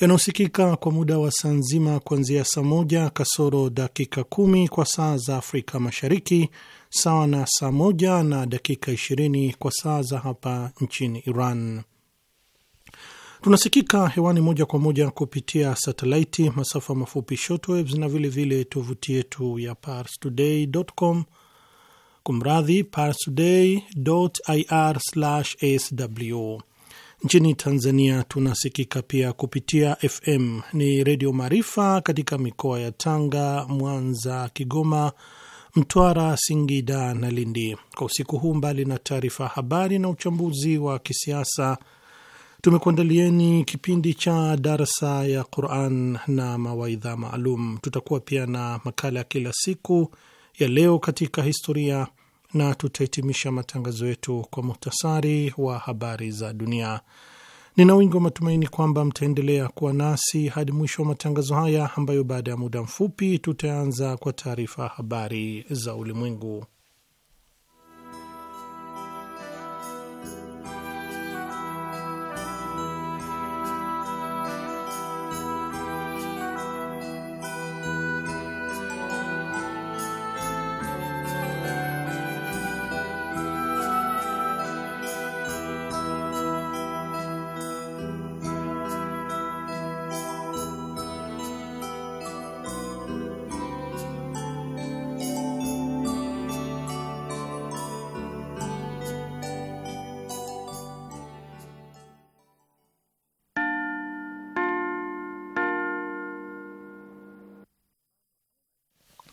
yanaosikika kwa muda wa saa nzima kuanzia saa moja kasoro dakika kumi kwa saa za Afrika Mashariki, sawa na saa moja na dakika ishirini kwa saa za hapa nchini Iran. Tunasikika hewani moja kwa moja kupitia satelaiti, masafa mafupi shortwaves na vilevile tovuti yetu ya parstoday.com Kumradhi, parstoday.ir/sw. Nchini Tanzania tunasikika pia kupitia FM ni Redio Maarifa katika mikoa ya Tanga, Mwanza, Kigoma, Mtwara, Singida na Lindi. Kwa usiku huu, mbali na taarifa ya habari na uchambuzi wa kisiasa, tumekuandalieni kipindi cha darsa ya Quran na mawaidha maalum. Tutakuwa pia na makala ya kila siku ya leo katika historia na tutahitimisha matangazo yetu kwa muhtasari wa habari za dunia. Nina wingi wa matumaini kwamba mtaendelea kuwa nasi hadi mwisho wa matangazo haya, ambayo baada ya muda mfupi tutaanza kwa taarifa habari za ulimwengu.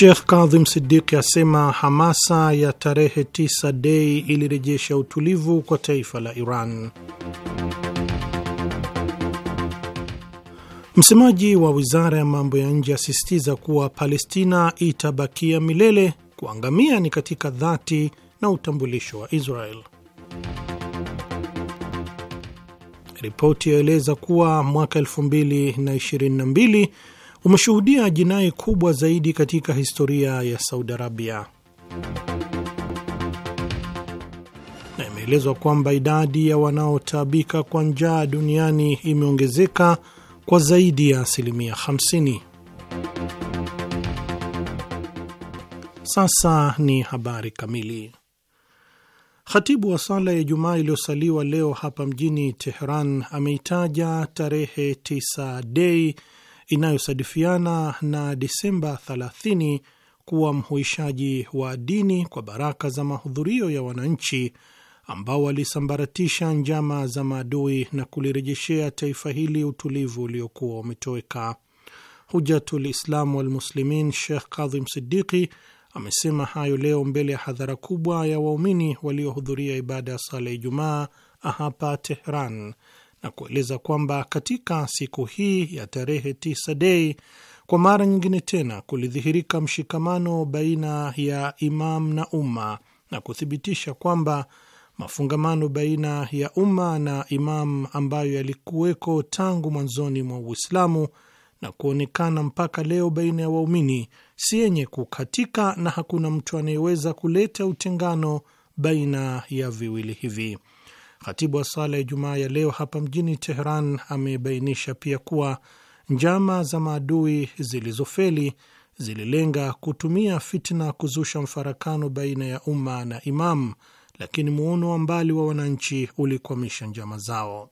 Shekh Kadhim sidiki asema hamasa ya tarehe 9 Dei ilirejesha utulivu kwa taifa la Iran. Msemaji wa wizara ya mambo ya nje asisitiza kuwa Palestina itabakia milele, kuangamia ni katika dhati na utambulisho wa Israel. Ripoti yaeleza kuwa mwaka 2022 umeshuhudia jinai kubwa zaidi katika historia ya Saudi Arabia, na imeelezwa kwamba idadi ya wanaotaabika kwa njaa duniani imeongezeka kwa zaidi ya asilimia 50. Sasa ni habari kamili. Khatibu wa sala ya jumaa iliyosaliwa leo hapa mjini Teheran ameitaja tarehe 9 Dei inayosadifiana na Disemba 30 kuwa mhuishaji wa dini kwa baraka za mahudhurio ya wananchi ambao walisambaratisha njama za maadui na kulirejeshea taifa hili utulivu uliokuwa umetoweka. Hujatul Islam Walmuslimin Shekh Kadhim Sidiqi amesema hayo leo mbele ya hadhara kubwa ya waumini waliohudhuria ibada ya sala ya Ijumaa hapa Tehran na kueleza kwamba katika siku hii ya tarehe 9 Dei kwa mara nyingine tena kulidhihirika mshikamano baina ya Imam na umma na kuthibitisha kwamba mafungamano baina ya umma na Imam ambayo yalikuweko tangu mwanzoni mwa Uislamu na kuonekana mpaka leo baina ya waumini si yenye kukatika na hakuna mtu anayeweza kuleta utengano baina ya viwili hivi. Khatibu wa sala ya Ijumaa ya leo hapa mjini Teheran amebainisha pia kuwa njama za maadui zilizofeli zililenga kutumia fitna kuzusha mfarakano baina ya umma na imamu, lakini muono wa mbali wa wananchi ulikwamisha njama zao.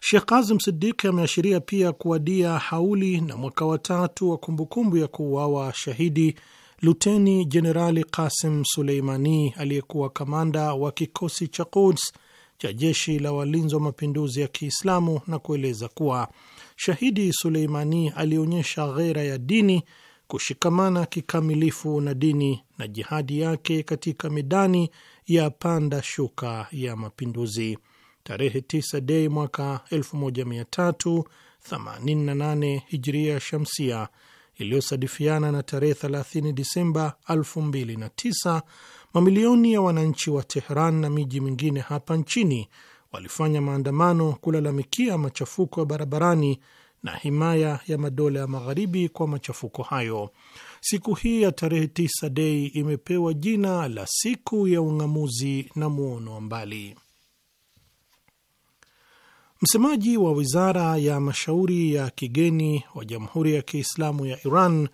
shekh Kazim sidiki ameashiria pia kuwadia hauli na mwaka wa tatu wa kumbukumbu ya kuuawa shahidi Luteni Jenerali Kasim Suleimani aliyekuwa kamanda wa kikosi cha Quds cha jeshi la walinzi wa mapinduzi ya Kiislamu na kueleza kuwa shahidi Suleimani alionyesha ghera ya dini, kushikamana kikamilifu na dini na jihadi yake katika midani ya panda shuka ya mapinduzi. Tarehe 9 Dei mwaka 1388 Hijria Shamsia iliyosadifiana na tarehe 30 Disemba 2009, mamilioni ya wananchi wa Tehran na miji mingine hapa nchini walifanya maandamano kulalamikia machafuko ya barabarani na himaya ya madola ya magharibi kwa machafuko hayo. Siku hii ya tarehe 9 Dei imepewa jina la siku ya ung'amuzi na muono wa mbali. Msemaji wa wizara ya mashauri ya kigeni wa Jamhuri ya Kiislamu ya Iran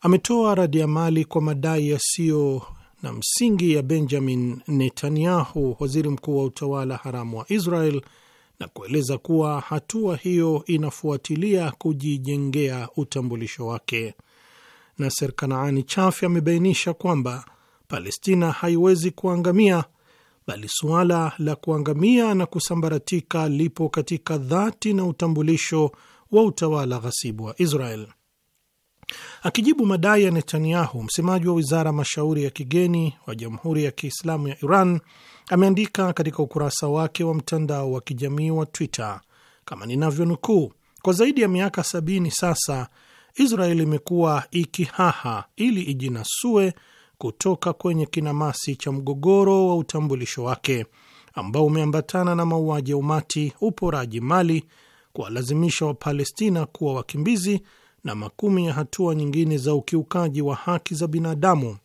ametoa radi mali kwa madai yasiyo na msingi ya Benjamin Netanyahu, waziri mkuu wa utawala haramu wa Israel, na kueleza kuwa hatua hiyo inafuatilia kujijengea utambulisho wake. Naser Kanaani Chafi amebainisha kwamba Palestina haiwezi kuangamia bali suala la kuangamia na kusambaratika lipo katika dhati na utambulisho wa utawala ghasibu wa Israel. Akijibu madai ya Netanyahu, msemaji wa wizara mashauri ya kigeni wa Jamhuri ya Kiislamu ya Iran ameandika katika ukurasa wake wa mtandao wa kijamii wa Twitter kama ninavyonukuu: kwa zaidi ya miaka sabini sasa Israel imekuwa ikihaha ili ijinasue kutoka kwenye kinamasi cha mgogoro wa utambulisho wake ambao umeambatana na mauaji ya umati, uporaji mali, kuwalazimisha Wapalestina kuwa wakimbizi na makumi ya hatua nyingine za ukiukaji wa haki za binadamu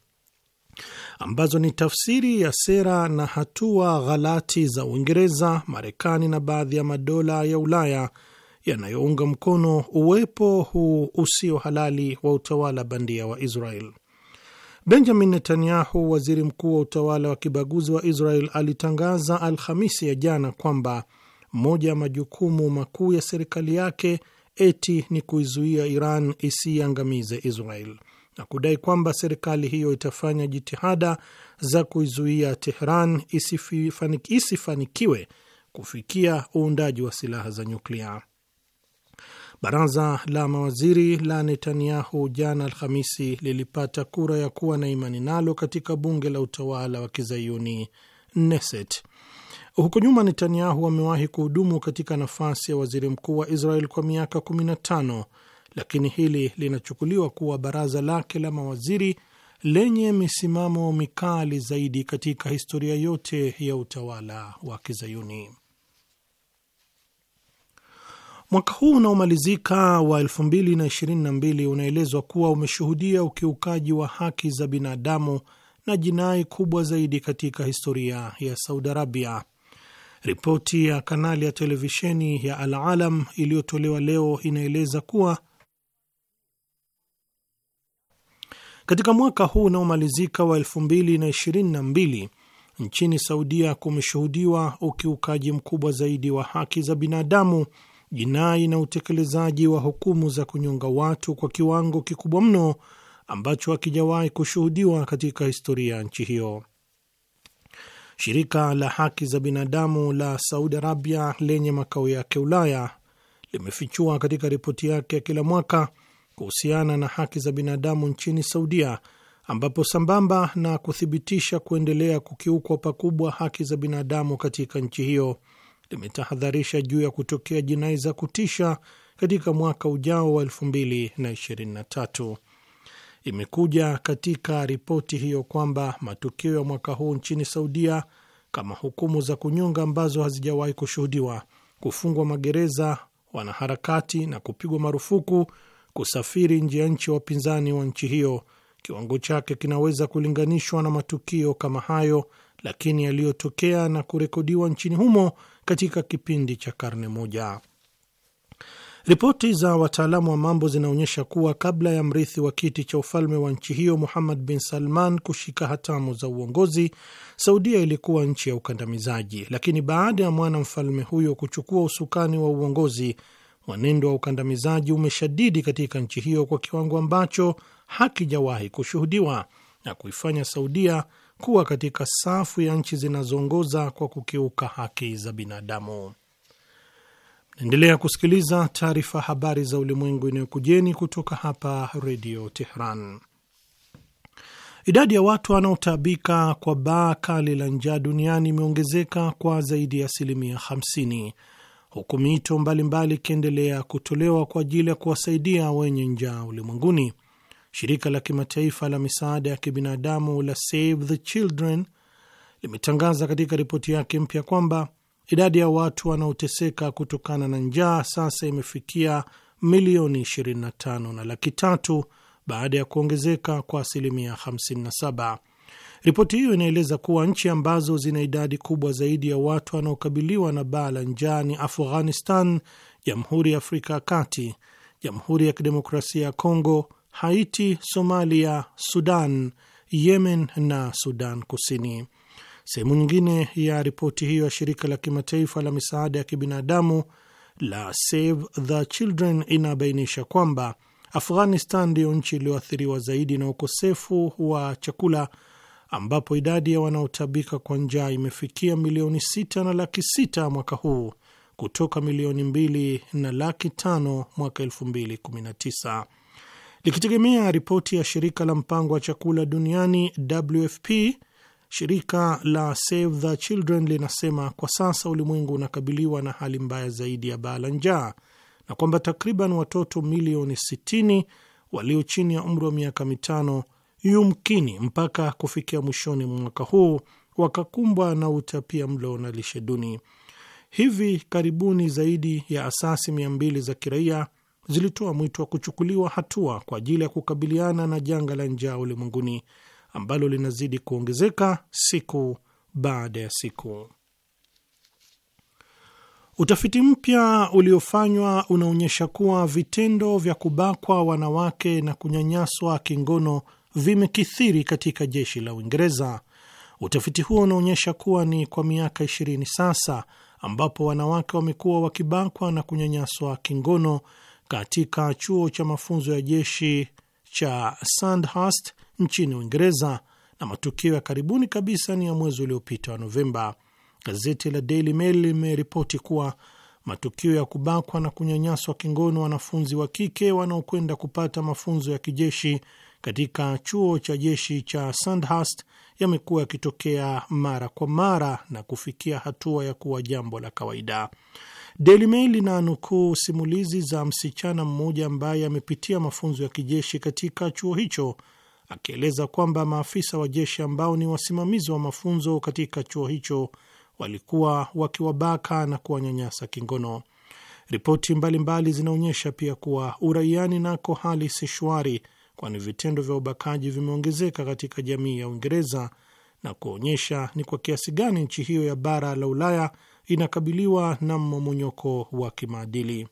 ambazo ni tafsiri ya sera na hatua ghalati za Uingereza, Marekani na baadhi ya madola ya Ulaya yanayounga mkono uwepo huu usio halali wa utawala bandia wa Israel. Benjamin Netanyahu, waziri mkuu wa utawala wa kibaguzi wa Israel, alitangaza Alhamisi ya jana kwamba moja ya majukumu makuu ya serikali yake eti ni kuizuia Iran isiiangamize Israel na kudai kwamba serikali hiyo itafanya jitihada za kuizuia Tehran isifanikiwe kufikia uundaji wa silaha za nyuklia. Baraza la mawaziri la Netanyahu jana Alhamisi lilipata kura ya kuwa na imani nalo katika bunge la utawala wa kizayuni Knesset. Huko nyuma Netanyahu amewahi kuhudumu katika nafasi ya waziri mkuu wa Israel kwa miaka 15 lakini hili linachukuliwa kuwa baraza lake la mawaziri lenye misimamo mikali zaidi katika historia yote ya utawala wa kizayuni. Mwaka huu unaomalizika wa 2022 unaelezwa kuwa umeshuhudia ukiukaji wa haki za binadamu na jinai kubwa zaidi katika historia ya Saudi Arabia. Ripoti ya kanali ya televisheni ya Al Alam iliyotolewa leo inaeleza kuwa katika mwaka huu unaomalizika wa 2022 nchini Saudia kumeshuhudiwa ukiukaji mkubwa zaidi wa haki za binadamu jinai na utekelezaji wa hukumu za kunyonga watu kwa kiwango kikubwa mno ambacho hakijawahi kushuhudiwa katika historia ya nchi hiyo. Shirika la haki za binadamu la Saudi Arabia lenye makao yake Ulaya limefichua katika ripoti yake ya kila mwaka kuhusiana na haki za binadamu nchini Saudia, ambapo sambamba na kuthibitisha kuendelea kukiukwa pakubwa haki za binadamu katika nchi hiyo limetahadharisha juu ya kutokea jinai za kutisha katika mwaka ujao wa 2023. Imekuja katika ripoti hiyo kwamba matukio ya mwaka huu nchini Saudia kama hukumu za kunyonga ambazo hazijawahi kushuhudiwa, kufungwa magereza wanaharakati na kupigwa marufuku kusafiri nje ya nchi wapinzani wa nchi hiyo, kiwango chake kinaweza kulinganishwa na matukio kama hayo, lakini yaliyotokea na kurekodiwa nchini humo katika kipindi cha karne moja. Ripoti za wataalamu wa mambo zinaonyesha kuwa kabla ya mrithi wa kiti cha ufalme wa nchi hiyo Muhammad bin Salman kushika hatamu za uongozi, Saudia ilikuwa nchi ya ukandamizaji, lakini baada ya mwanamfalme huyo kuchukua usukani wa uongozi, mwenendo wa ukandamizaji umeshadidi katika nchi hiyo kwa kiwango ambacho hakijawahi kushuhudiwa na kuifanya Saudia kuwa katika safu ya nchi zinazoongoza kwa kukiuka haki za binadamu. Naendelea kusikiliza taarifa habari za ulimwengu inayokujeni kutoka hapa Redio Tehran. Idadi ya watu wanaotaabika kwa baa kali la njaa duniani imeongezeka kwa zaidi ya asilimia 50 huku mito mbalimbali ikiendelea kutolewa kwa ajili ya kuwasaidia wenye njaa ulimwenguni. Shirika la kimataifa la misaada ya kibinadamu la Save the Children limetangaza katika ripoti yake mpya kwamba idadi ya watu wanaoteseka kutokana na njaa sasa imefikia milioni 25 na laki tatu baada ya kuongezeka kwa asilimia 57. Ripoti hiyo inaeleza kuwa nchi ambazo zina idadi kubwa zaidi ya watu wanaokabiliwa na baa la njaa ni Afghanistan, Jamhuri ya Afrika ya Kati, Jamhuri ya Kidemokrasia ya Kongo, Haiti, Somalia, Sudan, Yemen na Sudan Kusini. Sehemu nyingine ya ripoti hiyo ya shirika la kimataifa la misaada ya kibinadamu la Save the Children inabainisha kwamba Afghanistan ndiyo nchi iliyoathiriwa zaidi na ukosefu wa chakula ambapo idadi ya wanaotabika kwa njaa imefikia milioni sita na laki sita mwaka huu kutoka milioni mbili na laki tano mwaka elfu mbili kumi na tisa likitegemea ripoti ya shirika la mpango wa chakula duniani WFP. Shirika la Save the Children linasema kwa sasa ulimwengu unakabiliwa na hali mbaya zaidi ya baa la njaa na kwamba takriban watoto milioni 60 walio chini ya umri wa miaka mitano yumkini mpaka kufikia mwishoni mwa mwaka huu wakakumbwa na utapia mlo na lishe duni. Hivi karibuni zaidi ya asasi mia mbili za kiraia zilitoa mwito wa kuchukuliwa hatua kwa ajili ya kukabiliana na janga la njaa ulimwenguni ambalo linazidi kuongezeka siku baada ya siku. Utafiti mpya uliofanywa unaonyesha kuwa vitendo vya kubakwa wanawake na kunyanyaswa kingono vimekithiri katika jeshi la Uingereza. Utafiti huo unaonyesha kuwa ni kwa miaka ishirini sasa ambapo wanawake wamekuwa wakibakwa na kunyanyaswa kingono katika chuo cha mafunzo ya jeshi cha Sandhurst nchini Uingereza, na matukio ya karibuni kabisa ni ya mwezi uliopita wa Novemba. Gazeti la Daily Mail limeripoti kuwa matukio ya kubakwa na kunyanyaswa kingono wanafunzi wa kike wanaokwenda kupata mafunzo ya kijeshi katika chuo cha jeshi cha Sandhurst yamekuwa yakitokea mara kwa mara na kufikia hatua ya kuwa jambo la kawaida. Daily Mail linanukuu simulizi za msichana mmoja ambaye amepitia mafunzo ya kijeshi katika chuo hicho akieleza kwamba maafisa wa jeshi ambao ni wasimamizi wa mafunzo katika chuo hicho walikuwa wakiwabaka na kuwanyanyasa kingono. Ripoti mbalimbali zinaonyesha pia kuwa uraiani nako hali si shwari, kwani vitendo vya ubakaji vimeongezeka katika jamii ya Uingereza na kuonyesha ni kwa kiasi gani nchi hiyo ya bara la Ulaya inakabiliwa na mmomonyoko wa kimaadili.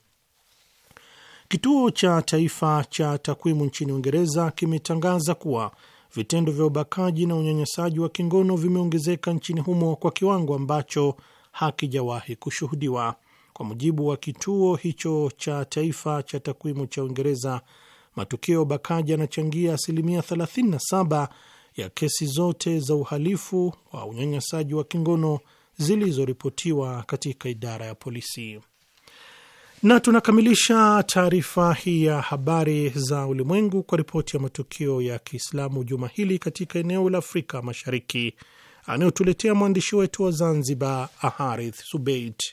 Kituo cha Taifa cha Takwimu nchini Uingereza kimetangaza kuwa vitendo vya ubakaji na unyanyasaji wa kingono vimeongezeka nchini humo kwa kiwango ambacho hakijawahi kushuhudiwa. Kwa mujibu wa kituo hicho cha Taifa cha Takwimu cha Uingereza, matukio ya ubakaji yanachangia asilimia 37 ya kesi zote za uhalifu wa unyanyasaji wa kingono zilizoripotiwa katika idara ya polisi. Na tunakamilisha taarifa hii ya habari za ulimwengu kwa ripoti ya matukio ya Kiislamu juma hili katika eneo la Afrika Mashariki anayotuletea mwandishi wetu wa Zanzibar, Aharith Subeit.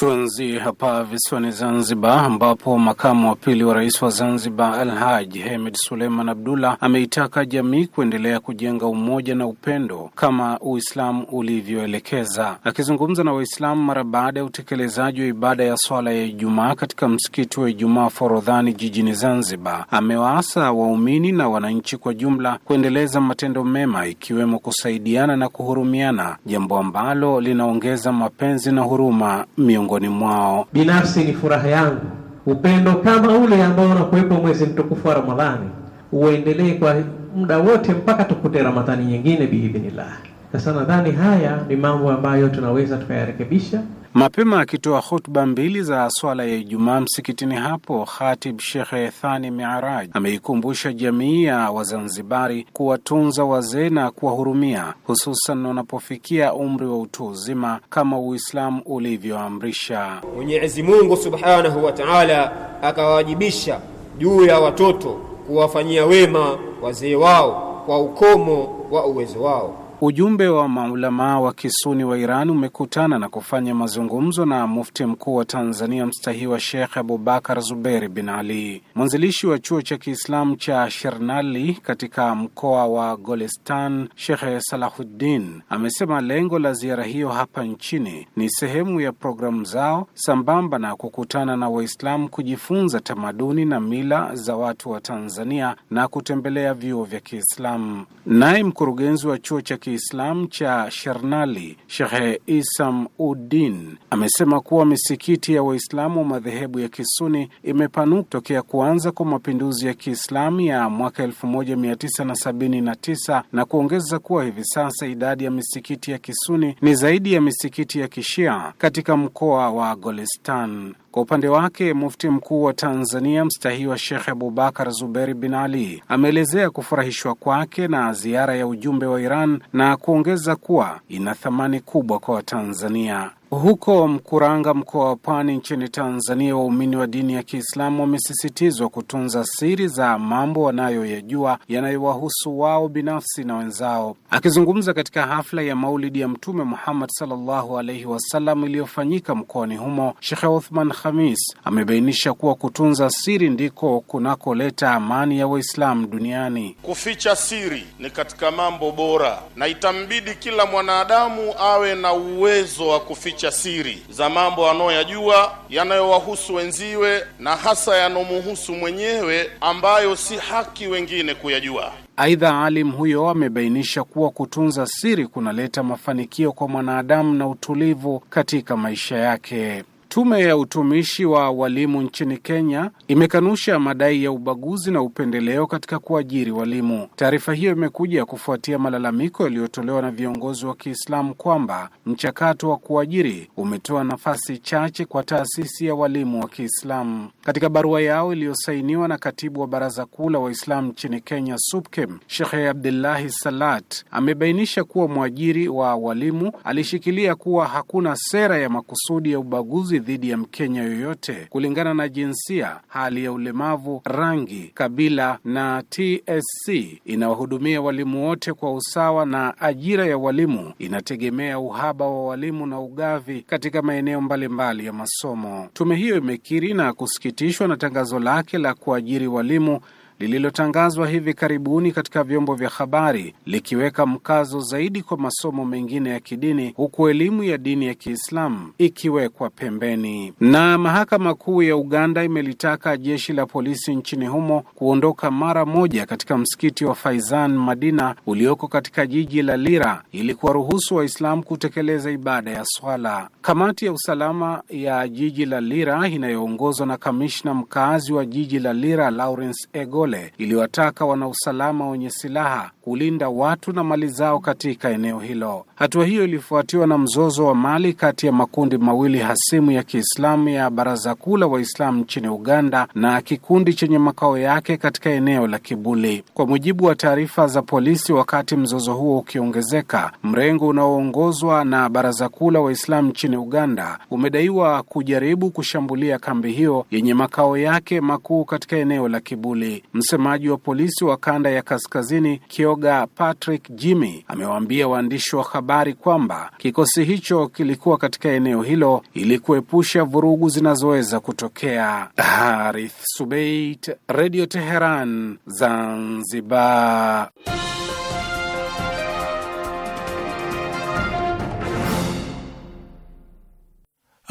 Tuanzie hapa visiwani Zanzibar, ambapo makamu wa pili wa rais wa Zanzibar Alhaj Hemed Suleiman Abdullah ameitaka jamii kuendelea kujenga umoja na upendo kama Uislamu ulivyoelekeza. Akizungumza na Waislamu mara baada ya utekelezaji wa ibada ya swala ya Ijumaa katika msikiti wa Ijumaa Forodhani jijini Zanzibar, amewaasa waumini na wananchi kwa jumla kuendeleza matendo mema, ikiwemo kusaidiana na kuhurumiana, jambo ambalo linaongeza mapenzi na huruma miongoni miongoni mwao. Binafsi ni furaha yangu upendo kama ule ambao unakuwepo mwezi mtukufu wa Ramadhani uendelee kwa muda wote mpaka tukute Ramadhani nyingine biidhnillah. Sasa nadhani haya ni mambo ambayo tunaweza tukayarekebisha. Mapema akitoa hutuba mbili za swala ya Ijumaa msikitini hapo, Khatib Shekhe Thani Miraj ameikumbusha jamii ya Wazanzibari kuwatunza wazee na kuwahurumia, hususan wanapofikia umri wa utu uzima kama Uislamu ulivyoamrisha. Mwenyezi Mungu subhanahu wa taala akawawajibisha juu ya watoto kuwafanyia wema wazee wao kwa ukomo wa uwezo wao. Ujumbe wa maulamaa wa kisuni wa Iran umekutana na kufanya mazungumzo na mufti mkuu wa Tanzania mstahiwa Sheikh Abubakar Zuberi bin Ali. Mwanzilishi wa chuo cha Kiislamu cha Shernali katika mkoa wa Golestan, shekhe Salahuddin amesema lengo la ziara hiyo hapa nchini ni sehemu ya programu zao sambamba na kukutana na Waislamu kujifunza tamaduni na mila za watu wa Tanzania na kutembelea vyuo vya Kiislamu. Naye mkurugenzi wa chuo cha Kiislamu cha Sharnali, Shehe Isam udin amesema kuwa misikiti ya Waislamu wa madhehebu ya Kisuni imepanuka tokea kuanza kwa mapinduzi ya Kiislamu ya mwaka 1979 na kuongeza kuwa hivi sasa idadi ya misikiti ya Kisuni ni zaidi ya misikiti ya Kishia katika mkoa wa Golestan kwa upande wake mufti mkuu wa Tanzania mstahiwa Shekh Abubakar Zuberi bin Ali ameelezea kufurahishwa kwake na ziara ya ujumbe wa Iran na kuongeza kuwa ina thamani kubwa kwa Watanzania. Huko Mkuranga, mkoa wa Pwani nchini Tanzania, waumini wa dini ya Kiislamu wamesisitizwa kutunza siri za mambo wanayoyajua yanayowahusu wao binafsi na wenzao. Akizungumza katika hafla ya maulidi ya Mtume Muhammad sallallahu alaihi wasallam iliyofanyika mkoani humo, Shekhe Uthman Khamis amebainisha kuwa kutunza siri ndiko kunakoleta amani ya Waislamu duniani. Kuficha siri ni katika mambo bora na itambidi kila mwanadamu awe na uwezo wa kuficha kuficha siri za mambo anayoyajua yanayowahusu wenziwe na hasa yanomuhusu mwenyewe ambayo si haki wengine kuyajua. Aidha, alim huyo amebainisha kuwa kutunza siri kunaleta mafanikio kwa mwanadamu na utulivu katika maisha yake. Tume ya utumishi wa walimu nchini Kenya imekanusha madai ya ubaguzi na upendeleo katika kuajiri walimu. Taarifa hiyo imekuja kufuatia malalamiko yaliyotolewa na viongozi wa Kiislamu kwamba mchakato wa kuajiri umetoa nafasi chache kwa taasisi ya walimu wa Kiislamu. Katika barua yao iliyosainiwa na katibu wa Baraza Kuu la Waislamu nchini Kenya, SUPKEM, Shekhe Abdullahi Salat amebainisha kuwa mwajiri wa walimu alishikilia kuwa hakuna sera ya makusudi ya ubaguzi dhidi ya Mkenya yoyote kulingana na jinsia, hali ya ulemavu, rangi, kabila, na TSC inawahudumia walimu wote kwa usawa, na ajira ya walimu inategemea uhaba wa walimu na ugavi katika maeneo mbalimbali ya masomo. Tume hiyo imekiri na kusikitishwa na tangazo lake la kuajiri walimu lililotangazwa hivi karibuni katika vyombo vya habari likiweka mkazo zaidi kwa masomo mengine ya kidini huku elimu ya dini ya Kiislamu ikiwekwa pembeni. Na mahakama kuu ya Uganda imelitaka jeshi la polisi nchini humo kuondoka mara moja katika msikiti wa Faizan Madina ulioko katika jiji la Lira ili kuwaruhusu Waislamu kutekeleza ibada ya swala. Kamati ya usalama ya jiji la Lira inayoongozwa na kamishna mkaazi wa jiji la Lira Lawrence Egola Kole iliwataka wanausalama wenye silaha kulinda watu na mali zao katika eneo hilo. Hatua hiyo ilifuatiwa na mzozo wa mali kati ya makundi mawili hasimu ya Kiislamu ya Baraza Kuu la Waislamu nchini Uganda na kikundi chenye makao yake katika eneo la Kibuli. Kwa mujibu wa taarifa za polisi, wakati mzozo huo ukiongezeka, mrengo unaoongozwa na Baraza Kuu la Waislamu nchini Uganda umedaiwa kujaribu kushambulia kambi hiyo yenye makao yake makuu katika eneo la Kibuli. Msemaji wa polisi wa kanda ya kaskazini Kioga Patrick Jimmy amewaambia waandishi wa habari kwamba kikosi hicho kilikuwa katika eneo hilo ili kuepusha vurugu zinazoweza kutokea. Harith Subeit, Radio Teheran, Zanzibar.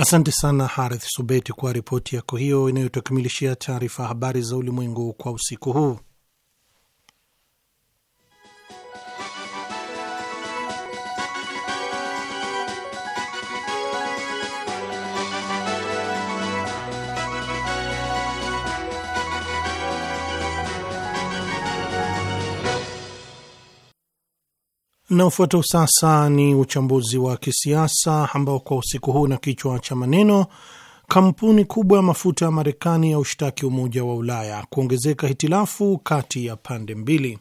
Asante sana Harith Subeti kwa ripoti yako hiyo inayotukamilishia taarifa habari za ulimwengu kwa usiku huu. Na ufuatao sasa ni uchambuzi wa kisiasa ambao kwa usiku huu na kichwa cha maneno kampuni kubwa ya mafuta ya Marekani ya ushtaki Umoja wa Ulaya kuongezeka hitilafu kati ya pande mbili.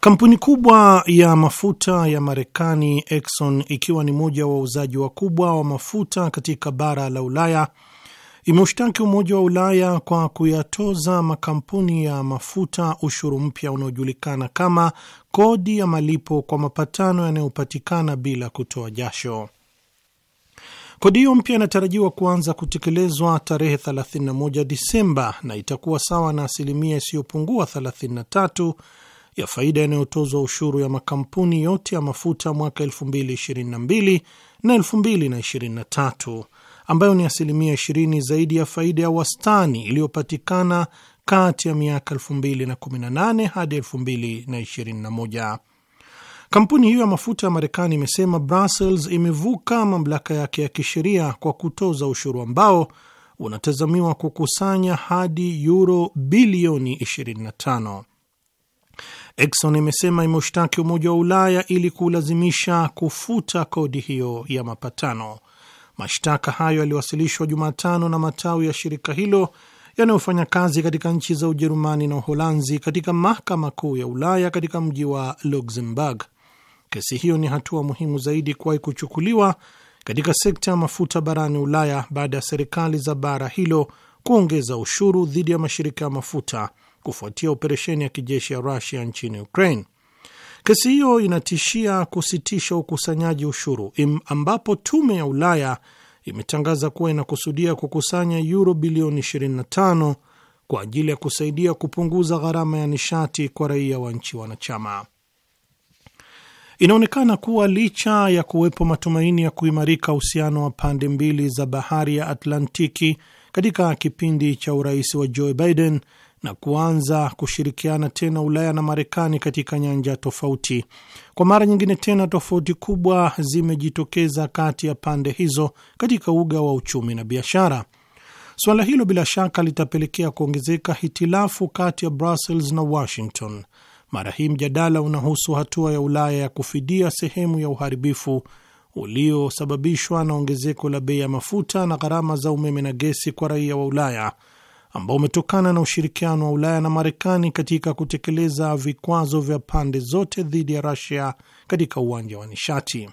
Kampuni kubwa ya mafuta ya Marekani Exxon, ikiwa ni moja wa wauzaji wakubwa wa mafuta katika bara la Ulaya imeushtaki Umoja wa Ulaya kwa kuyatoza makampuni ya mafuta ushuru mpya unaojulikana kama kodi ya malipo kwa mapatano yanayopatikana bila kutoa jasho. Kodi hiyo mpya inatarajiwa kuanza kutekelezwa tarehe 31 Disemba na itakuwa sawa na asilimia isiyopungua 33 ya faida inayotozwa ushuru ya makampuni yote ya mafuta mwaka 2022 na 2023 ambayo ni asilimia 20 zaidi ya faida ya wastani iliyopatikana kati ya miaka 2018 hadi 2021. Kampuni hiyo ya mafuta ya Marekani imesema Brussels imevuka mamlaka yake ya kisheria kwa kutoza ushuru ambao unatazamiwa kukusanya hadi yuro bilioni 25. Exxon imesema imeushtaki Umoja wa Ulaya ili kulazimisha kufuta kodi hiyo ya mapatano. Mashtaka hayo yaliwasilishwa Jumatano na matawi ya shirika hilo yanayofanya kazi katika nchi za Ujerumani na Uholanzi katika mahakama kuu ya Ulaya katika mji wa Luxembourg. Kesi hiyo ni hatua muhimu zaidi kuwahi kuchukuliwa katika sekta ya mafuta barani Ulaya baada ya serikali za bara hilo kuongeza ushuru dhidi ya mashirika ya mafuta kufuatia operesheni ya kijeshi ya Rusia nchini Ukraine. Kesi hiyo inatishia kusitisha ukusanyaji ushuru, ambapo tume ya Ulaya imetangaza kuwa inakusudia kukusanya yuro bilioni 25 kwa ajili ya kusaidia kupunguza gharama ya nishati kwa raia wa nchi wanachama. Inaonekana kuwa licha ya kuwepo matumaini ya kuimarika uhusiano wa pande mbili za bahari ya Atlantiki katika kipindi cha urais wa Joe Biden, na kuanza kushirikiana tena Ulaya na Marekani katika nyanja tofauti. Kwa mara nyingine tena, tofauti kubwa zimejitokeza kati ya pande hizo katika uga wa uchumi na biashara. Suala hilo bila shaka litapelekea kuongezeka hitilafu kati ya Brussels na Washington. Mara hii mjadala unahusu hatua ya Ulaya ya kufidia sehemu ya uharibifu uliosababishwa na ongezeko la bei ya mafuta na gharama za umeme na gesi kwa raia wa Ulaya ambao umetokana na ushirikiano wa Ulaya na Marekani katika kutekeleza vikwazo vya pande zote dhidi ya rasia katika uwanja wa nishati.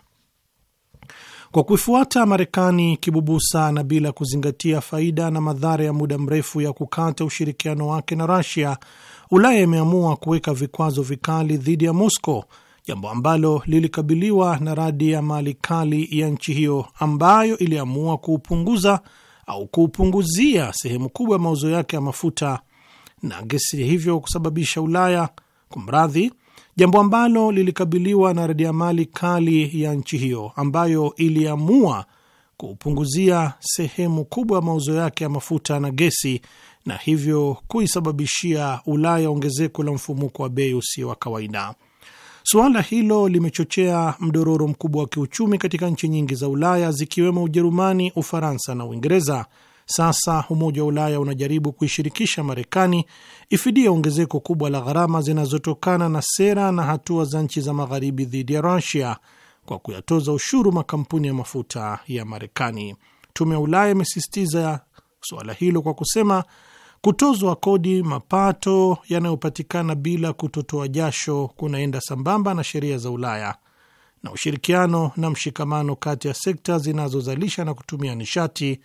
Kwa kuifuata Marekani kibubusa na bila kuzingatia faida na madhara ya muda mrefu ya kukata ushirikiano wake na rasia Ulaya imeamua kuweka vikwazo vikali dhidi ya Moscow, jambo ambalo lilikabiliwa na radi ya mali kali ya nchi hiyo ambayo iliamua kuupunguza au kuupunguzia sehemu kubwa ya mauzo yake ya mafuta na gesi, hivyo kusababisha Ulaya kumradhi, jambo ambalo lilikabiliwa na radiamali kali ya nchi hiyo ambayo iliamua kupunguzia sehemu kubwa ya mauzo yake ya mafuta na gesi na hivyo kuisababishia Ulaya ongezeko la mfumuko wa bei usio wa kawaida. Suala hilo limechochea mdororo mkubwa wa kiuchumi katika nchi nyingi za Ulaya zikiwemo Ujerumani, Ufaransa na Uingereza. Sasa Umoja wa Ulaya unajaribu kuishirikisha Marekani ifidie ongezeko kubwa la gharama zinazotokana na sera na hatua za nchi za Magharibi dhidi ya Rusia kwa kuyatoza ushuru makampuni ya mafuta ya Marekani. Tume ya Ulaya imesisitiza suala hilo kwa kusema Kutozwa kodi mapato yanayopatikana bila kutotoa jasho kunaenda sambamba na sheria za Ulaya na ushirikiano na mshikamano kati ya sekta zinazozalisha na kutumia nishati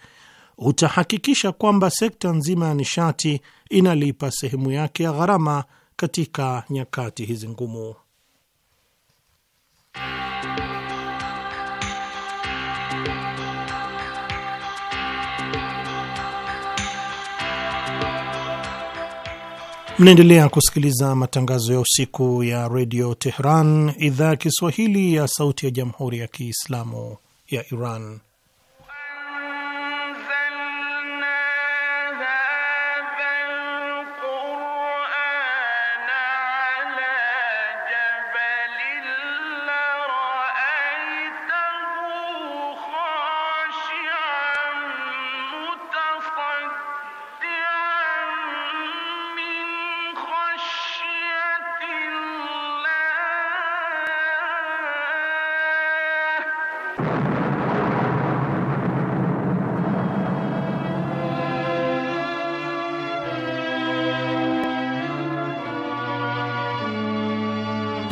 utahakikisha kwamba sekta nzima ya nishati inalipa sehemu yake ya gharama katika nyakati hizi ngumu. Mnaendelea kusikiliza matangazo ya usiku ya redio Tehran, idhaa ya Kiswahili ya sauti ya jamhuri ya kiislamu ya Iran.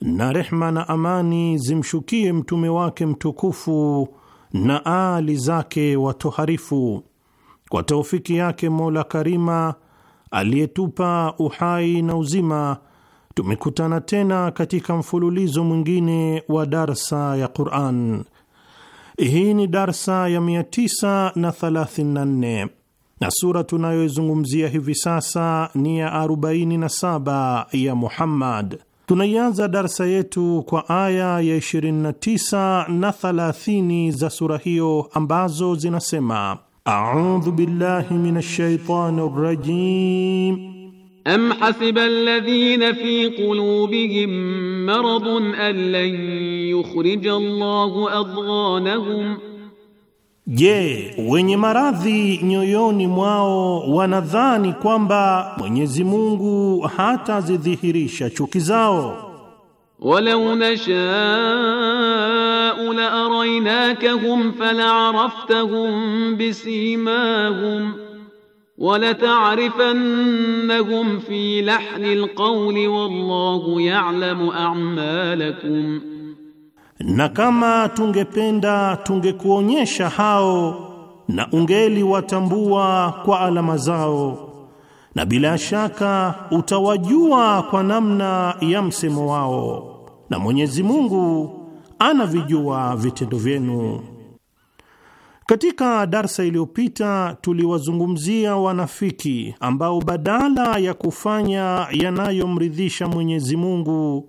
na rehma na amani zimshukie mtume wake mtukufu na aali zake watoharifu. Kwa taufiki yake Mola Karima aliyetupa uhai na uzima, tumekutana tena katika mfululizo mwingine wa darsa ya Quran. Hii ni darsa ya 934 na sura tunayoizungumzia hivi sasa ni ya 47 ya Muhammad. Tunaianza darsa yetu kwa aya ya 29 na 30 za sura hiyo ambazo zinasema: audhu billahi minash shaitani rajim am hasiba alladhina fi qulubihim maradun an lan yukhrija Allahu adghanahum Je, wenye maradhi nyoyoni mwao wanadhani kwamba Mwenyezi Mungu hatazidhihirisha chuki zao? Walau nashau la araynakahum fala'araftahum bisimahum walata'rifannahum fi lahni alqawli wallahu ya'lamu a'malakum na kama tungependa tungekuonyesha hao na ungeliwatambua kwa alama zao, na bila shaka utawajua kwa namna ya msemo wao, na Mwenyezi Mungu anavijua vitendo vyenu. Katika darsa iliyopita tuliwazungumzia wanafiki ambao badala ya kufanya yanayomridhisha Mwenyezi Mungu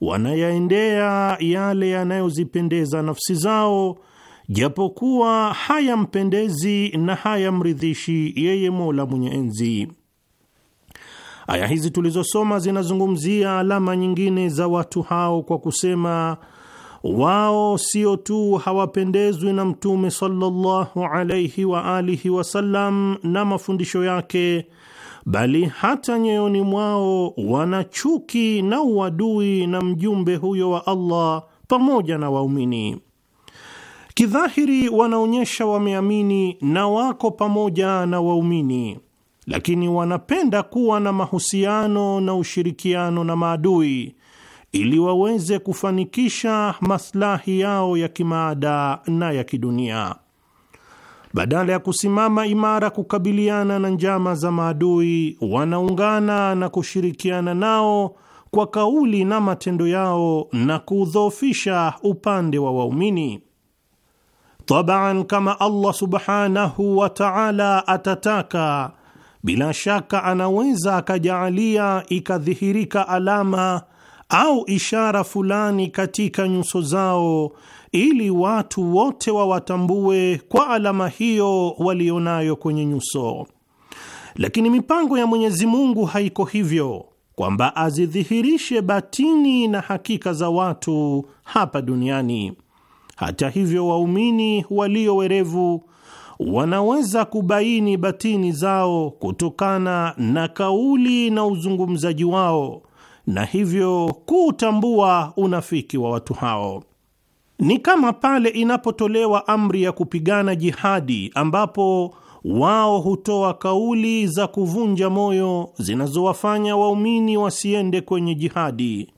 wanayaendea yale yanayozipendeza nafsi zao, japokuwa hayampendezi na hayamridhishi yeye Mola mwenye enzi. Aya hizi tulizosoma zinazungumzia alama nyingine za watu hao kwa kusema wao sio tu hawapendezwi na Mtume sallallahu alaihi wa alihi wasallam na mafundisho yake bali hata nyoyoni mwao wana chuki na uadui na mjumbe huyo wa Allah pamoja na waumini. Kidhahiri wanaonyesha wameamini na wako pamoja na waumini, lakini wanapenda kuwa na mahusiano na ushirikiano na maadui ili waweze kufanikisha maslahi yao ya kimaada na ya kidunia badala ya kusimama imara kukabiliana na njama za maadui, wanaungana na kushirikiana nao kwa kauli na matendo yao na kudhoofisha upande wa waumini. Taban, kama Allah subhanahu wa ta'ala atataka, bila shaka anaweza akajaalia ikadhihirika alama au ishara fulani katika nyuso zao, ili watu wote wawatambue kwa alama hiyo walionayo kwenye nyuso. Lakini mipango ya Mwenyezi Mungu haiko hivyo kwamba azidhihirishe batini na hakika za watu hapa duniani. Hata hivyo, waumini walio werevu wanaweza kubaini batini zao kutokana na kauli na uzungumzaji wao na hivyo kuutambua unafiki wa watu hao. Ni kama pale inapotolewa amri ya kupigana jihadi, ambapo wao hutoa kauli za kuvunja moyo zinazowafanya waumini wasiende kwenye jihadi,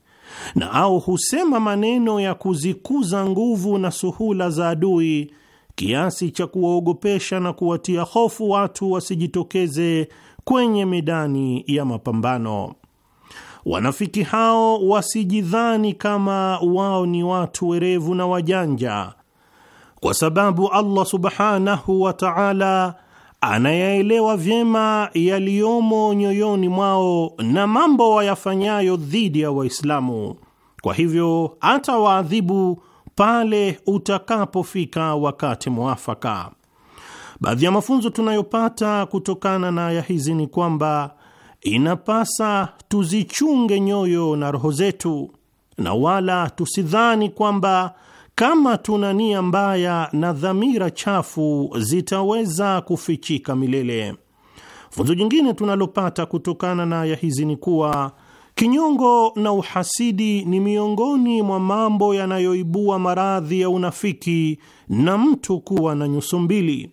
na au husema maneno ya kuzikuza nguvu na suhula za adui kiasi cha kuwaogopesha na kuwatia hofu watu wasijitokeze kwenye medani ya mapambano. Wanafiki hao wasijidhani kama wao ni watu werevu na wajanja, kwa sababu Allah subhanahu wa ta'ala anayaelewa vyema yaliyomo nyoyoni mwao na mambo wayafanyayo dhidi ya Waislamu. Kwa hivyo atawaadhibu pale utakapofika wakati mwafaka. Baadhi ya mafunzo tunayopata kutokana na aya hizi ni kwamba inapasa tuzichunge nyoyo na roho zetu, na wala tusidhani kwamba kama tuna nia mbaya na dhamira chafu zitaweza kufichika milele. Funzo jingine tunalopata kutokana na aya hizi ni kuwa kinyongo na uhasidi ni miongoni mwa mambo yanayoibua maradhi ya unafiki na mtu kuwa na nyuso mbili.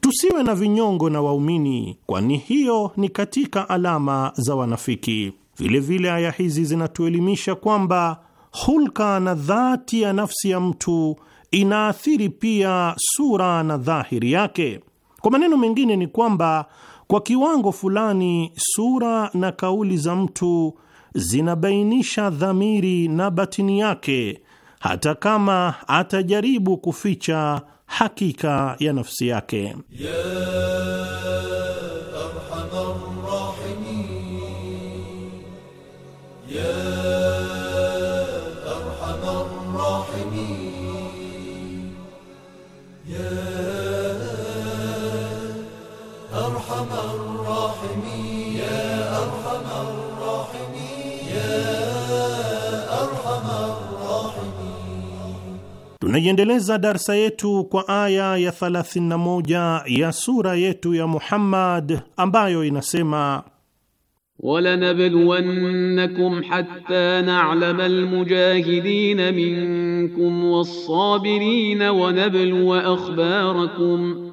Tusiwe na vinyongo na waumini, kwani hiyo ni katika alama za wanafiki. Vilevile aya hizi zinatuelimisha kwamba hulka na dhati ya nafsi ya mtu inaathiri pia sura na dhahiri yake. Kwa maneno mengine, ni kwamba kwa kiwango fulani sura na kauli za mtu zinabainisha dhamiri na batini yake, hata kama atajaribu kuficha hakika ya nafsi yake ya Tunaiendeleza darsa yetu kwa aya ya 31 ya sura yetu ya Muhammad ambayo inasema walanabluwannakum hatta na'lama almujahidin minkum was-sabirin wa akhbarakum,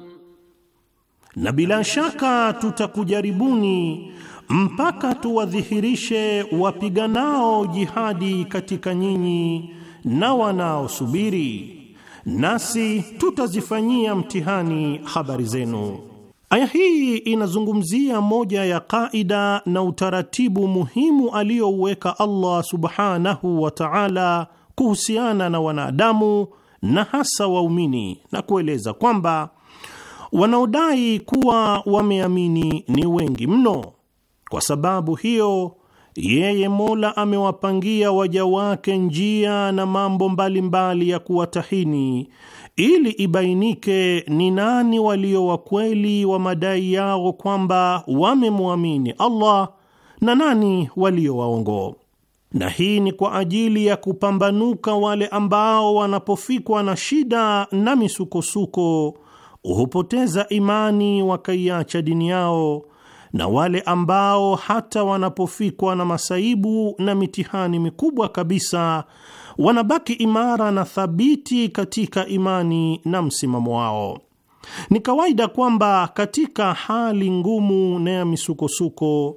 na bila shaka tutakujaribuni mpaka tuwadhihirishe wapiganao jihadi katika nyinyi na wanaosubiri, nasi tutazifanyia mtihani habari zenu. Aya hii inazungumzia moja ya kaida na utaratibu muhimu aliyouweka Allah subhanahu wa ta'ala kuhusiana na wanadamu na hasa waumini, na kueleza kwamba wanaodai kuwa wameamini ni wengi mno. Kwa sababu hiyo yeye Mola amewapangia waja wake njia na mambo mbalimbali mbali ya kuwatahini ili ibainike ni nani walio wakweli wa madai yao kwamba wamemwamini Allah na nani walio waongo. Na hii ni kwa ajili ya kupambanuka wale ambao wanapofikwa na shida na misukosuko hupoteza imani wakaiacha dini yao na wale ambao hata wanapofikwa na masaibu na mitihani mikubwa kabisa wanabaki imara na thabiti katika imani na msimamo wao. Ni kawaida kwamba katika hali ngumu na ya misukosuko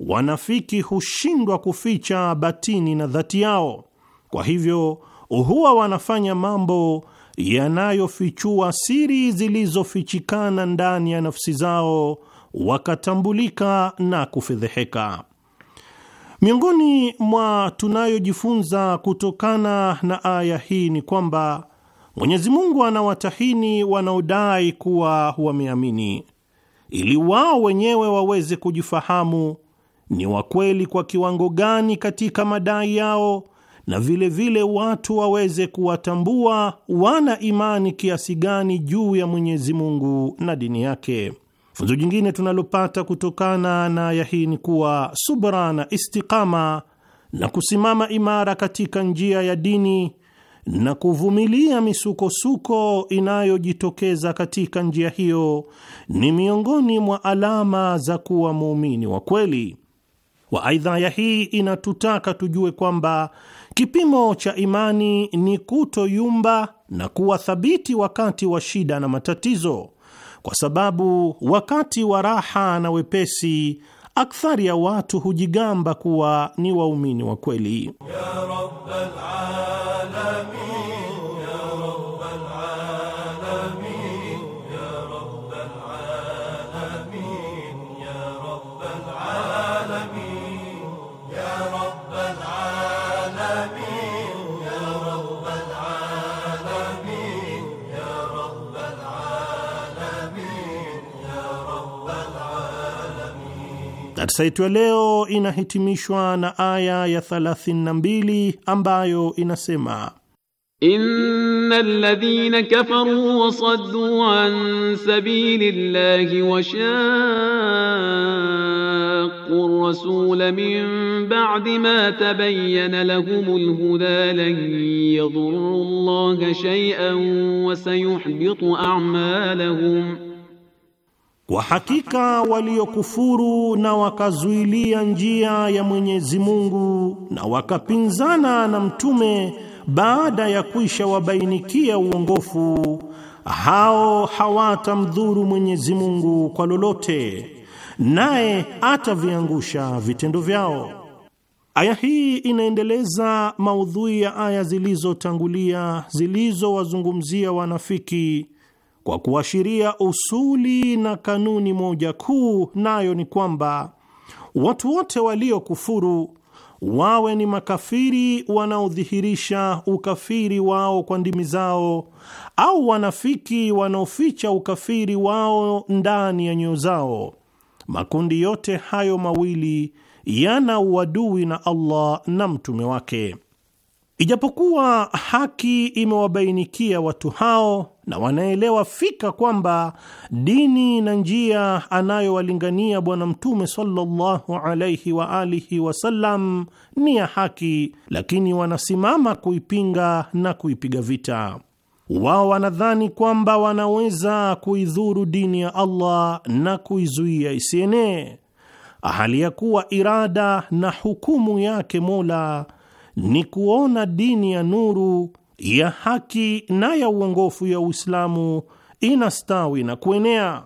wanafiki hushindwa kuficha batini na dhati yao, kwa hivyo huwa wanafanya mambo yanayofichua siri zilizofichikana ndani ya nafsi zao wakatambulika na kufedheheka. Miongoni mwa tunayojifunza kutokana na aya hii ni kwamba Mwenyezi Mungu anawatahini wanaodai kuwa wameamini ili wao wenyewe waweze kujifahamu ni wakweli kwa kiwango gani katika madai yao, na vilevile vile watu waweze kuwatambua wana imani kiasi gani juu ya Mwenyezi Mungu na dini yake. Funzo jingine tunalopata kutokana na ya hii ni kuwa subra na istiqama na kusimama imara katika njia ya dini na kuvumilia misukosuko inayojitokeza katika njia hiyo ni miongoni mwa alama za kuwa muumini wa kweli. aidha ya hii inatutaka tujue kwamba kipimo cha imani ni kutoyumba na kuwa thabiti wakati wa shida na matatizo kwa sababu wakati wa raha na wepesi akthari ya watu hujigamba kuwa ni waumini wa kweli ya Darsa yetu ya leo inahitimishwa na aya ya 32 ambayo inasema Innal ladhina kafaru wa saddu an sabili sabilillahi wa shaqqu rasula min ba'di ma tabayyana lahumul huda lan yadhurru Allaha shay'an wa sayuhbitu a'malahum Kwa hakika waliokufuru na wakazuilia njia ya Mwenyezi Mungu na wakapinzana na mtume baada ya kuisha wabainikia uongofu, hao hawatamdhuru Mwenyezi Mungu kwa lolote, naye ataviangusha vitendo vyao. Aya hii inaendeleza maudhui ya aya zilizotangulia zilizowazungumzia wanafiki kwa kuashiria usuli na kanuni moja kuu, nayo ni kwamba watu wote waliokufuru wawe ni makafiri wanaodhihirisha ukafiri wao kwa ndimi zao au wanafiki wanaoficha ukafiri wao ndani ya nyoyo zao. Makundi yote hayo mawili yana uadui na Allah na mtume wake. Ijapokuwa haki imewabainikia watu hao na wanaelewa fika kwamba dini na njia anayowalingania Bwana Mtume sallallahu alaihi wa alihi wasallam ni ya haki, lakini wanasimama kuipinga na kuipiga vita. Wao wanadhani kwamba wanaweza kuidhuru dini ya Allah na kuizuia isienee, hali ya kuwa irada na hukumu yake Mola ni kuona dini ya nuru ya haki na ya uongofu ya Uislamu inastawi na kuenea,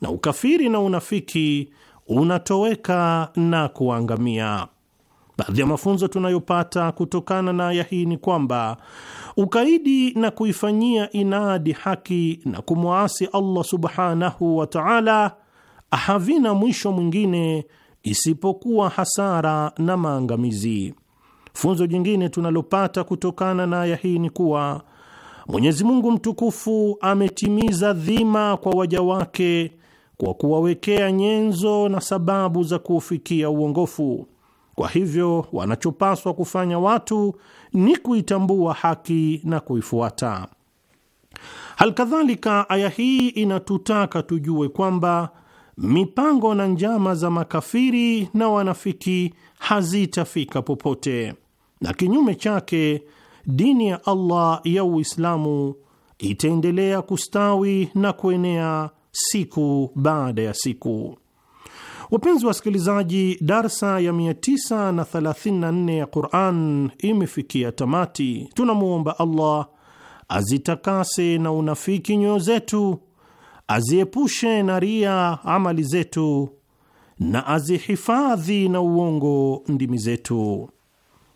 na ukafiri na unafiki unatoweka na kuangamia. Baadhi ya mafunzo tunayopata kutokana na aya hii ni kwamba ukaidi na kuifanyia inadi haki na kumwasi Allah subhanahu wa ta'ala havina mwisho mwingine isipokuwa hasara na maangamizi. Funzo jingine tunalopata kutokana na aya hii ni kuwa Mwenyezi Mungu mtukufu ametimiza dhima kwa waja wake kwa kuwawekea nyenzo na sababu za kuufikia uongofu. Kwa hivyo wanachopaswa kufanya watu ni kuitambua haki na kuifuata. Halkadhalika, aya hii inatutaka tujue kwamba mipango na njama za makafiri na wanafiki hazitafika popote na kinyume chake dini ya Allah ya Uislamu itaendelea kustawi na kuenea siku baada ya siku. Wapenzi wasikilizaji, darsa ya 934 ya Quran imefikia tamati. Tunamwomba Allah azitakase na unafiki nyoyo zetu, aziepushe na ria amali zetu, na azihifadhi na uongo ndimi zetu.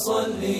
وصلي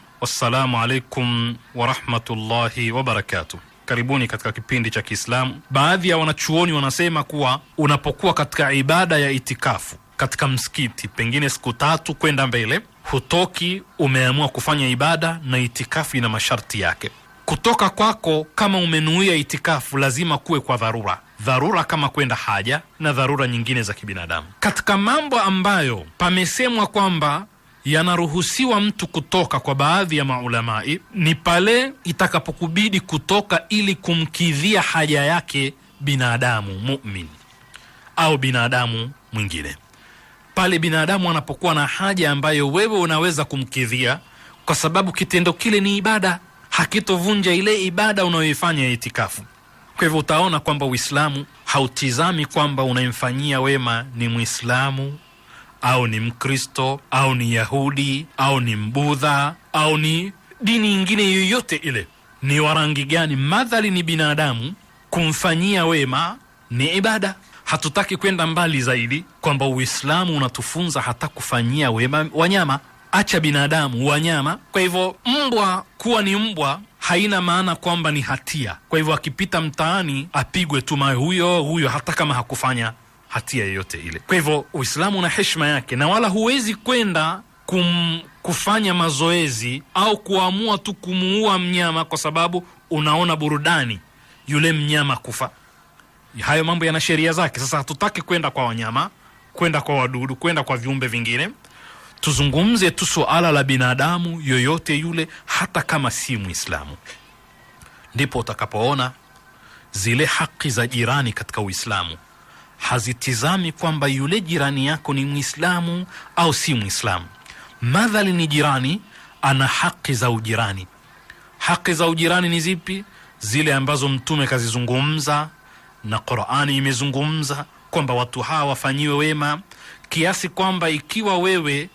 Wassalamu alaikum warahmatullahi wabarakatuh. Karibuni katika kipindi cha Kiislamu. Baadhi ya wanachuoni wanasema kuwa unapokuwa katika ibada ya itikafu katika msikiti, pengine siku tatu kwenda mbele, hutoki, umeamua kufanya ibada, na itikafu ina masharti yake. Kutoka kwako kama umenuia itikafu, lazima kuwe kwa dharura dharura kama kwenda haja na dharura nyingine za kibinadamu. Katika mambo ambayo pamesemwa kwamba yanaruhusiwa mtu kutoka kwa baadhi ya maulamai ni pale itakapokubidi kutoka ili kumkidhia haja yake binadamu mumin au binadamu mwingine, pale binadamu anapokuwa na haja ambayo wewe unaweza kumkidhia, kwa sababu kitendo kile ni ibada, hakitovunja ile ibada unayoifanya itikafu. Kwa hivyo utaona kwamba Uislamu hautizami kwamba unayemfanyia wema ni Mwislamu au ni Mkristo au ni Yahudi au ni Mbudha au ni dini nyingine yoyote ile, ni wa rangi gani, madhali ni binadamu, kumfanyia wema ni ibada. Hatutaki kwenda mbali zaidi kwamba Uislamu unatufunza hata kufanyia wema wanyama, acha binadamu, wanyama. Kwa hivyo mbwa kuwa ni mbwa haina maana kwamba ni hatia. Kwa hivyo akipita mtaani apigwe tu huyo huyo, hata kama hakufanya hatia yoyote ile. Kwa hivyo Uislamu una heshima yake, na wala huwezi kwenda kum, kufanya mazoezi au kuamua tu kumuua mnyama kwa sababu unaona burudani yule mnyama kufa. Hayo mambo yana sheria zake. Sasa hatutaki kwenda kwa wanyama, kwenda kwa wadudu, kwenda kwa viumbe vingine. Tuzungumze tu suala la binadamu yoyote yule, hata kama si Mwislamu. Ndipo utakapoona zile haki za jirani katika Uislamu hazitizami kwamba yule jirani yako ni mwislamu au si mwislamu madhali ni jirani ana haki za ujirani haki za ujirani ni zipi zile ambazo mtume kazizungumza na qurani imezungumza kwamba watu hawa wafanyiwe wema kiasi kwamba ikiwa wewe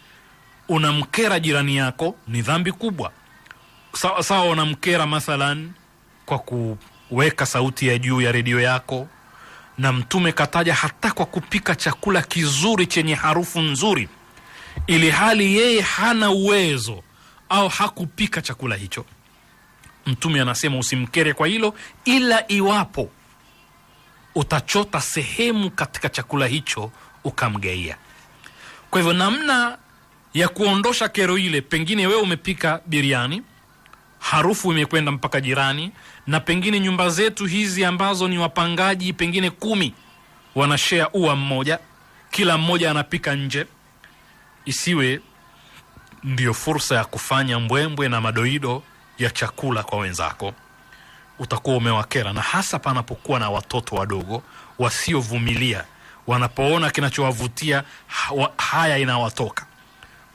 unamkera jirani yako ni dhambi kubwa sawa sawa unamkera mathalan kwa kuweka sauti ya juu ya redio yako na Mtume kataja hata kwa kupika chakula kizuri chenye harufu nzuri, ili hali yeye hana uwezo au hakupika chakula hicho. Mtume anasema usimkere kwa hilo, ila iwapo utachota sehemu katika chakula hicho ukamgeia. Kwa hivyo namna ya kuondosha kero ile, pengine wewe umepika biriani, harufu imekwenda mpaka jirani na pengine nyumba zetu hizi ambazo ni wapangaji pengine kumi wanashea ua mmoja, kila mmoja anapika nje, isiwe ndiyo fursa ya kufanya mbwembwe na madoido ya chakula kwa wenzako. Utakuwa umewakera, na hasa panapokuwa na watoto wadogo wasiovumilia, wanapoona kinachowavutia haya inawatoka.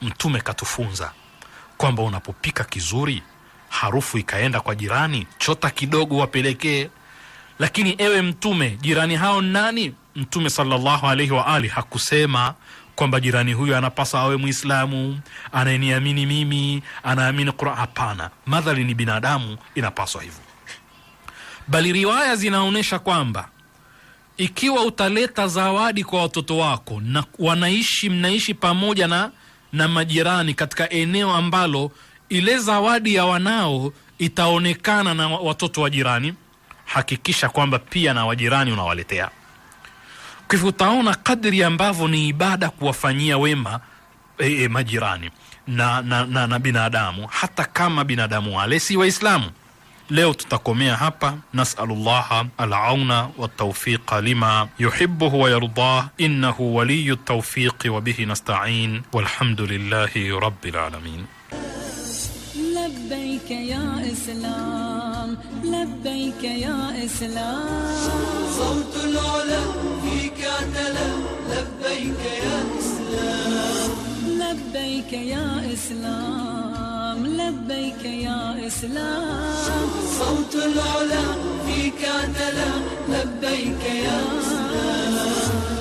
Mtume katufunza kwamba unapopika kizuri harufu ikaenda kwa jirani, chota kidogo wapelekee. Lakini ewe Mtume, jirani hao nani? Mtume sallallahu alaihi wa ali hakusema kwamba jirani huyo anapasa awe Mwislamu, anayeniamini mimi, anaamini Qur'an. Hapana, madhali ni binadamu, inapaswa hivyo. Bali riwaya zinaonyesha kwamba ikiwa utaleta zawadi kwa watoto wako na wanaishi mnaishi pamoja na na majirani katika eneo ambalo ile zawadi ya wanao itaonekana na watoto wa jirani, hakikisha kwamba pia na wajirani unawaletea. Kwa hivyo utaona kadri ambavyo ni ibada kuwafanyia wema e, e, majirani na, na, na, na binadamu, hata kama binadamu wale si Waislamu. Leo tutakomea hapa. nasalullaha alauna waltaufiqa lima yuhibuhu wayardah innahu waliyu ltaufiqi wabihi nastain walhamdulillahi rabbil alamin. لبيك يا إسلام لبيك يا إسلام صوت العلا فيك اعتلى لبيك يا إسلام لبيك يا إسلام لبيك يا إسلام صوت العلا فيك اعتلى لبيك يا إسلام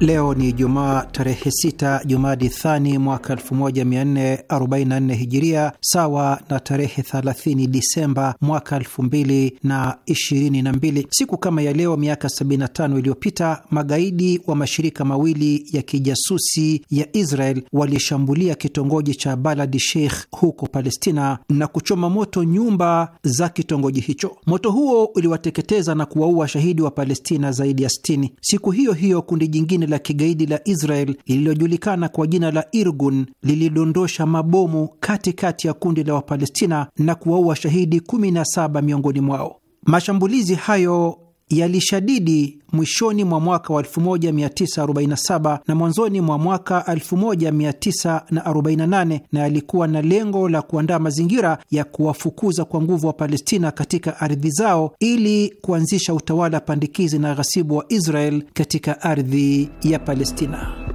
Leo ni Jumaa tarehe 6 Jumadi Thani mwaka 1444 Hijiria, sawa na tarehe 30 Disemba mwaka 2022. Siku kama ya leo miaka 75 iliyopita magaidi wa mashirika mawili ya kijasusi ya Israel walishambulia kitongoji cha Baladi Sheikh huko Palestina na kuchoma moto nyumba za kitongoji hicho. Moto huo uliwateketeza na kuwaua shahidi wa Palestina zaidi ya 60. Siku hiyo hiyo kundi jingine kundi la kigaidi la Israel lililojulikana kwa jina la Irgun lilidondosha mabomu katikati kati ya kundi la Wapalestina na kuwaua shahidi 17 miongoni mwao. Mashambulizi hayo yalishadidi mwishoni mwa mwaka wa 1947 na mwanzoni mwa mwaka 1948 na, na yalikuwa na lengo la kuandaa mazingira ya kuwafukuza kwa nguvu wa Palestina katika ardhi zao ili kuanzisha utawala pandikizi na ghasibu wa Israel katika ardhi ya Palestina.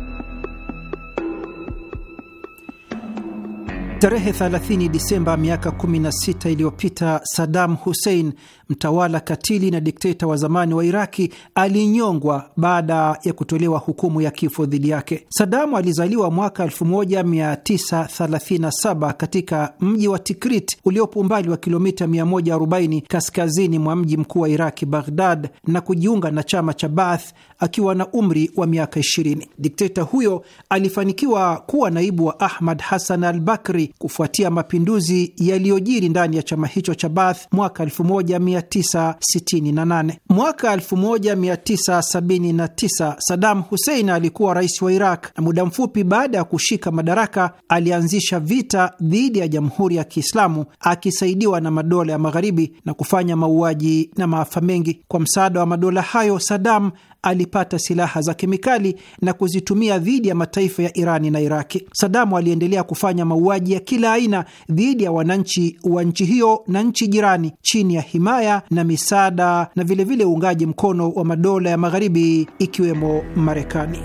Tarehe 30 Disemba miaka 16 iliyopita, Saddam Hussein, mtawala katili na dikteta wa zamani wa Iraki, alinyongwa baada ya kutolewa hukumu ya kifo dhidi yake. sadamu alizaliwa mwaka 1937 katika mji wa Tikrit uliopo umbali wa kilomita 140 kaskazini mwa mji mkuu wa Iraki, Baghdad, na kujiunga na chama cha Baath akiwa na umri wa miaka 20. Dikteta huyo alifanikiwa kuwa naibu wa Ahmad Hassan al Bakri kufuatia mapinduzi yaliyojiri ndani ya chama hicho cha Bath mwaka 1968. Mwaka 1979 Sadam Hussein alikuwa rais wa Iraq na muda mfupi baada ya kushika madaraka alianzisha vita dhidi ya jamhuri ya Kiislamu akisaidiwa na madola ya Magharibi na kufanya mauaji na maafa mengi. Kwa msaada wa madola hayo, Sadam alipata silaha za kemikali na kuzitumia dhidi ya mataifa ya Irani na Iraki. Sadamu aliendelea kufanya mauaji ya kila aina dhidi ya wananchi wa nchi hiyo na nchi jirani chini ya himaya na misaada na vilevile uungaji mkono wa madola ya Magharibi ikiwemo Marekani.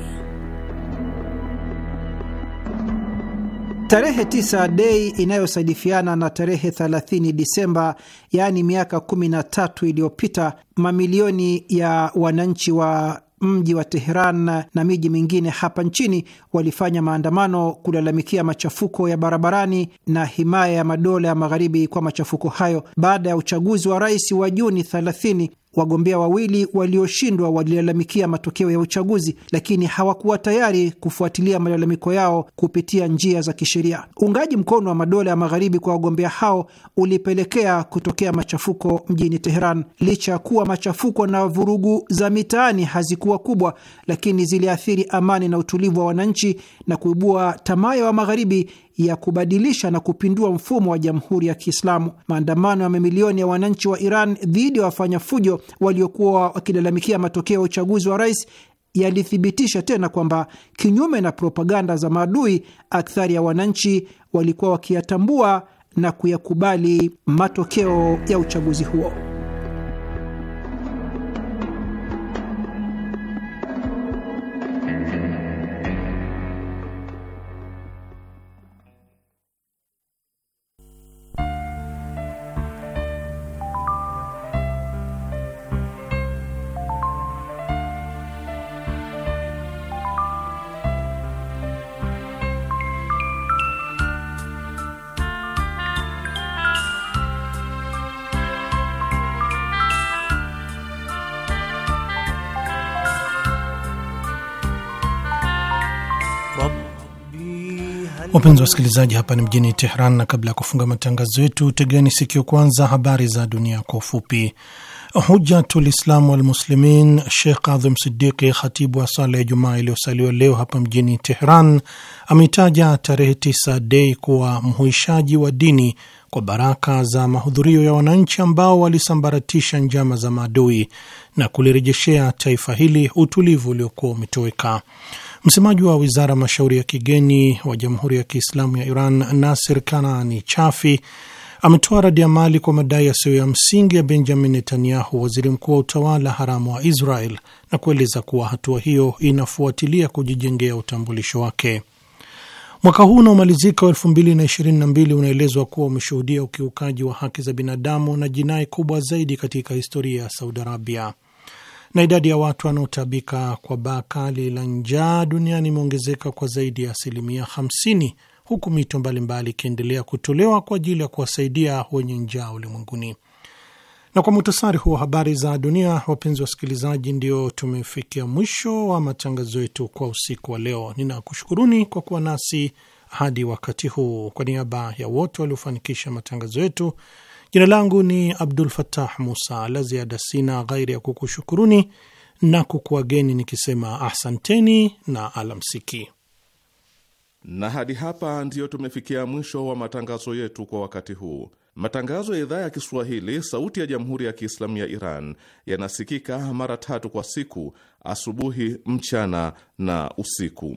Tarehe 9 Dei inayosadifiana na tarehe 30 Disemba, yaani miaka 13 iliyopita, mamilioni ya wananchi wa mji wa Teheran na miji mingine hapa nchini walifanya maandamano kulalamikia machafuko ya barabarani na himaya ya madola ya magharibi kwa machafuko hayo, baada ya uchaguzi wa rais wa Juni Wagombea wawili walioshindwa walilalamikia matokeo ya uchaguzi, lakini hawakuwa tayari kufuatilia malalamiko yao kupitia njia za kisheria. Uungaji mkono wa madola ya magharibi kwa wagombea hao ulipelekea kutokea machafuko mjini Teheran. Licha ya kuwa machafuko na vurugu za mitaani hazikuwa kubwa, lakini ziliathiri amani na utulivu wa wananchi na kuibua tamaa ya magharibi ya kubadilisha na kupindua mfumo wa jamhuri ya Kiislamu. Maandamano ya mamilioni ya wananchi wa Iran dhidi ya wafanya fujo waliokuwa wakilalamikia matokeo ya uchaguzi wa rais yalithibitisha tena kwamba kinyume na propaganda za maadui, akthari ya wananchi walikuwa wakiyatambua na kuyakubali matokeo ya uchaguzi huo. Wapenzi wa wasikilizaji, hapa ni mjini Tehran, na kabla ya kufunga matangazo yetu, tegeni sikio kwanza habari za dunia kwa ufupi. Hujatul islamu Walmuslimin Shekh Adhim Sidiki, khatibu wa sala ya Jumaa iliyosaliwa leo hapa mjini Tehran, ameitaja tarehe 9 Dei kuwa mhuishaji wa dini kwa baraka za mahudhurio ya wananchi ambao walisambaratisha njama za maadui na kulirejeshea taifa hili utulivu uliokuwa umetoweka. Msemaji wa wizara ya mashauri ya kigeni wa Jamhuri ya Kiislamu ya Iran, Nasir Kanaani Chafi, ametoa radi ya mali kwa madai yasiyo ya msingi ya Benjamin Netanyahu, waziri mkuu wa utawala haramu wa Israel, na kueleza kuwa hatua hiyo inafuatilia kujijengea utambulisho wake. Mwaka huu unaomalizika wa 2022 unaelezwa kuwa umeshuhudia ukiukaji wa haki za binadamu na jinai kubwa zaidi katika historia ya Saudi Arabia. Na idadi ya watu wanaotabika kwa baa kali la njaa duniani imeongezeka kwa zaidi ya asilimia 50 huku mito mbalimbali ikiendelea kutolewa kwa ajili ya kuwasaidia wenye njaa ulimwenguni. Na kwa muhtasari huo habari za dunia, wapenzi wa wasikilizaji, ndio tumefikia mwisho wa matangazo yetu kwa usiku wa leo. Ninakushukuruni kwa kuwa nasi hadi wakati huu. Kwa niaba ya wote waliofanikisha matangazo yetu Jina langu ni Abdul fatah Musa. La ziada sina ghairi ya kukushukuruni na kukuageni nikisema ahsanteni na alamsiki. Na hadi hapa ndiyo tumefikia mwisho wa matangazo yetu kwa wakati huu. Matangazo ya idhaa ya Kiswahili sauti ya jamhuri ya Kiislamu ya Iran yanasikika mara tatu kwa siku: asubuhi, mchana na usiku.